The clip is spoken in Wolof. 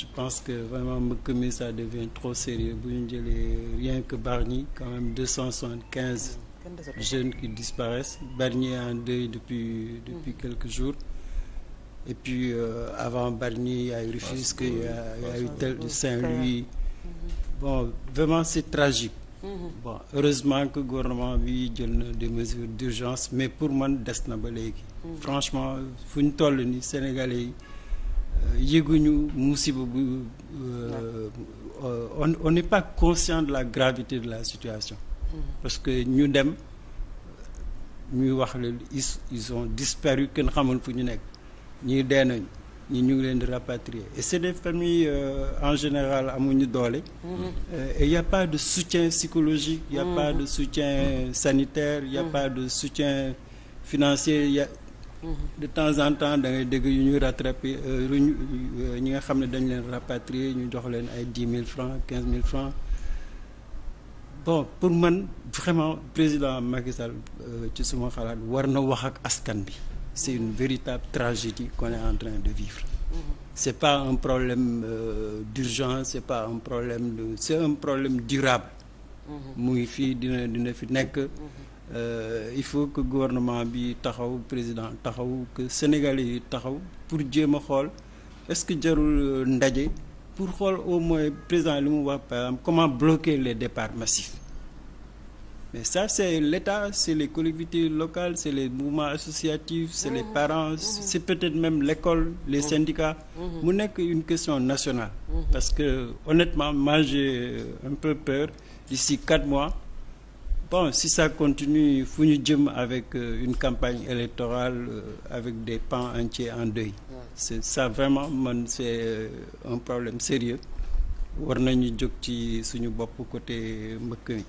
je pense que vraiment mbëkk mi ça devient trop sérieux bu ñu jëlee rien que Bargny quand même deux cent soixante-quinze jeunes qui disparaissent barnier en deuil depuis depuis mm. quelques jours et puis euh, avant Bargny il y a eu Rufisque il y a, eu tel Saint-Louis mm-hmm. bon vraiment c'est tragique mm-hmm. bon heureusement que gouvernement bi jël na des mesures d'urgence mais pour man des na ba léegi mm-hmm. franchement fu ñu toll ni Sénégalais yi yëguñu musiba bu euh, on on n'est pas conscient de la gravité de la situation mm-hmm. parce que ñu dem ñuy wax le ils ont disparu kenn xamul fu ñu nekk ñii dee nañ ñi ñu ngi leen di rapatrier et c'est des familles euh, en général amuñu doole mm-hmm. euh, et il y a pas de soutien psychologique il mm-hmm. pas de soutien sanitaire il pas de soutien financier de temps en temps da ngay dégg yu ñuy rattraper euh, ruñ euh, ñi nga xam ne dañ leen rapatrier ñu jox leen ay dix mille francs quinze mille francs bon pour man vraiment président Macky Sall euh, ci suma xalaat war na wax ak askan bi c'est une véritable tragédie qu'on est en train de vivre c'est pas un problème euh, d'urgence c'est pas un problème de c'est un mm-hmm. fii dina dina fi nekk mm-hmm. Euh, il faut que gouvernement bi taxaw président taxaw que sénégalais taxaw pour jéem a xool est-ce que jarul euh, ndaje pour xool au moins président li mu wax par exemple comment bloquer les départs massifs mais ça c'est l'État c'est les collectivités locales c'est les mouvements associatifs c'est les mmh. parents mmh. c'est peut-être même l'école les mmh. syndicats mmh. mu nekk une question nationale mmh. parce que honnêtement moi j'ai euh, un peu peur d'ici quatre mois bon si ça continue fu ñu jëm avec euh, une campagne électorale euh, avec des pans entiers en deuil c'est ça vraiment man c'est euh, un problème sérieux war nañu jóg ci suñu bopp côté mbëkk mi